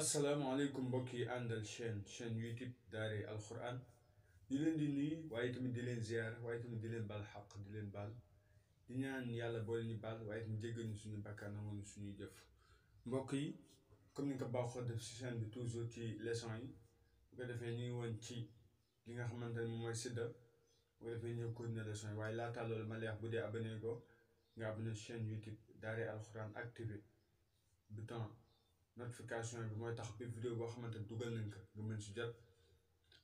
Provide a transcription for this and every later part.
asalaamaaleykum mbokk yi àndal chaîne chaîne YouTube Daaray Al Xuraan di leen di nuyu waaye tamit di leen ziar waaye tamit di leen baal xaq di leen baal di ñaan yàlla boole ñu bal waaye tamit jéggal ñu suñu bàkkaar nangu ñu suñuy jëf mbokk yi comme ni nga ko baaxoo def si chaîne bi toujours ci leçon yi bu ko defee ñu ngi woon ci li nga xamante ne mooy sida bu ko defee ñu continuer leçon yi waaye laataa loolu ma lay bu dee abonné ko nga abonné chaîne YouTube Daaray Al Xuraan activé temps notification bi mooy tax bi vidéo boo xamante ni dugal nañ ko nga mën si jot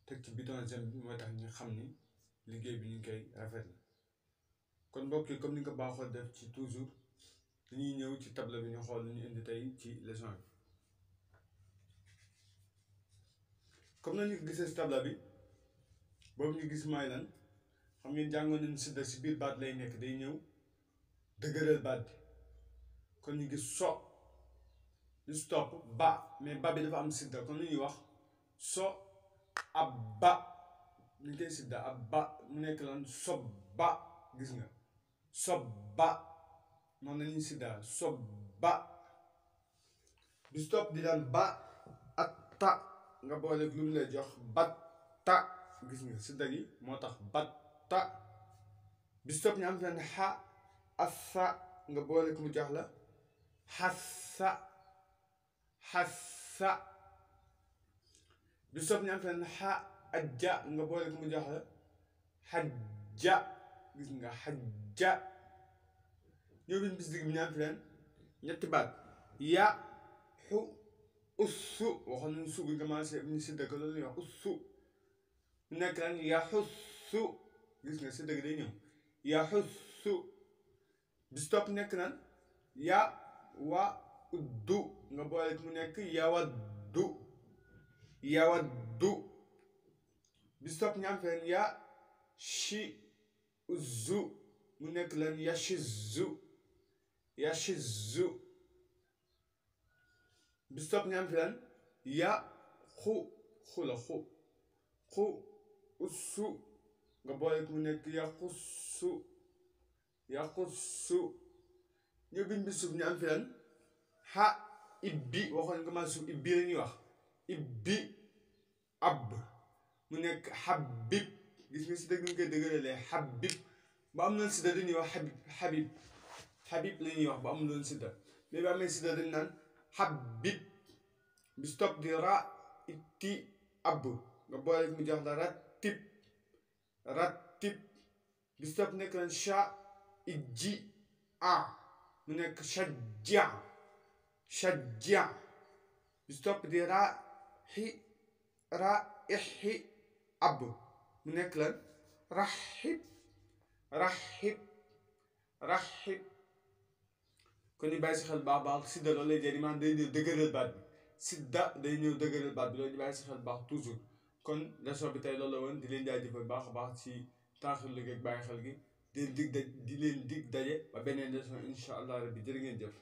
teg ci bouton j'aime bi mooy tax ñu xam ni liggéey bi ñu ngi koy rafetlu kon mbokk comme ni nga baaxoo def ci toujours dañuy ñëw ci tableau bi ñu xool lu ñu indi tey ci leçon bi comme nañu gisee si bi boobu ñu gis mooy lan xam ngeen jàngoon nañu si de si biir baat lay nekk day ñëw dëgëral baat bi kon ñu gis so li si topp ba mais ba bi dafa am sidda kon lu ñuy wax so ab ba ñu koy sidda ab ba mu nekk lan sob ba gis nga sob ba noonu la ñuy sidda sob ba bi si topp di ba ak ta nga boole lu mu jox bat ta gis nga sidda gi moo tax ba ta bi si topp ñu am fenn xa nga boole ku mu jox la xassa xasa du sob ñu am fenn xa ajja nga boole ko mu jox xajja gis nga xajja ñoo bin bis digg bi ñu am fenn ñetti baat ya xu ussu waxoon nañu su bi commencé ñu si dëgg loolu ussu nekk lan ya xussu gis nga si dëgg day ya xussu bis topp nekk lan ya wa du nga boole mu nekk yawaddu yawaddu bi stop ñaam feneen ya shi zu mu nekk lan yashizu yashizu bi stop ñaam feneen ya xu xu la xu xu ussu nga boole mu nekk yaqussu yaqussu ñu bind bi suuf ñaam feneen xa ibbi waxoon nga ma su ibbi la ñuy wax ibbi ab mu nekk xabib gis nga si dëgg ñu koy dëgëralee xabib ba am noonu sidda dañuy wax xabib xabib xabib la ñuy ba am noonu sidda mais ba amee sidda dañ naan xabib bi stop di ra itti ab nga boole mu jox la ratib ratib bi nekk lan sha ijji a mu nekk shajja شجع stop di raa xi raa ixi ab mu nekk lan raxib raxib raxib kon ñu bàyyi si xel baax baax sidda loolu lay jëriñ maanaam day ñëw dëgëral baat bi sidda day ñëw dëgëral baat bi loolu ñu bàyyi si xel baax toujours kon leçon bi tey loolu la woon di leen jaajëfal baax a baax ci taaxir liggéey ak bàyyi xel gi di leen di leen dig daje ba beneen leçon incha allah rabbi jërë ngeen jëf